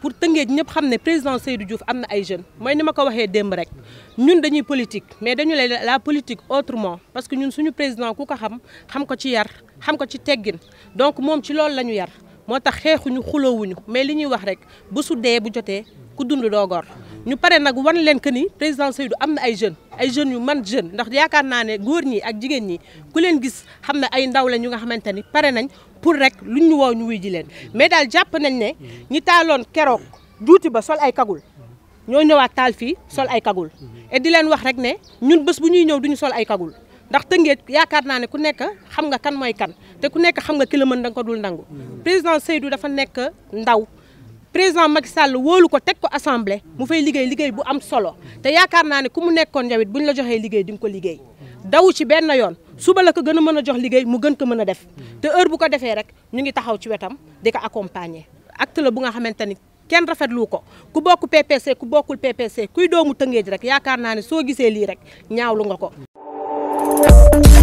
pour Tëngéej ñëpp xam ne président Seydou Diouf am na ay jeunes mooy ni ma ko waxee démb rek ñun dañuy politique mais dañu lay la politique autrement parce que ñun suñu président ku ko xam xam ko ci yar xam ko ci teggin donc moom ci loolu la ñu yar moo tax xeexuñu xuloowuñu mais li ñuy wax rek bu su dee bu jotee ku dund doo gor ñu pare nag wan leen que ni président Seydou am na ay jeunes ay jeunes yu man jeune ndax yaakaar naa ne góor ñi ak jigéen ñi ku leen gis xam na ay ndaw lañ ñu nga xamante ni pare nañ pour rek lu ñu woo ñu wuy ji leen mais daal jàpp nañ ne ñi taaloon keroog juuti ba sol ay kagul ñoo ñëwaat taal fii sol ay kagul et di leen wax rek ne ñun bés bu ñuy ñëw duñu sol ay kagul ndax tëngeet yaakaar naa ne ku nekk xam nga kan mooy kan te ku nekk xam nga ki la mën da ko dul nangu président Seydou dafa nekk ndaw président Macky Sall woolu ko teg ko assemblée mu fay liggéey liggéey bu am solo te yaakaar naa ne ku mu nekkoon yow it bu ñu la joxee liggéey di ko liggéey dawu ci benn yoon suba la ko gën a mën a jox liggéey mu gën ko mën a def te heure bu ko defee rek ñu ngi taxaw ci wetam di ko accompagner acte la bu nga xamante ni kenn rafetlu ko ku bokk PPC ku bokkul PPC kuy doomu Tëngéej rek yaakaar naa ne soo gisee lii rek ñaawlu nga ko.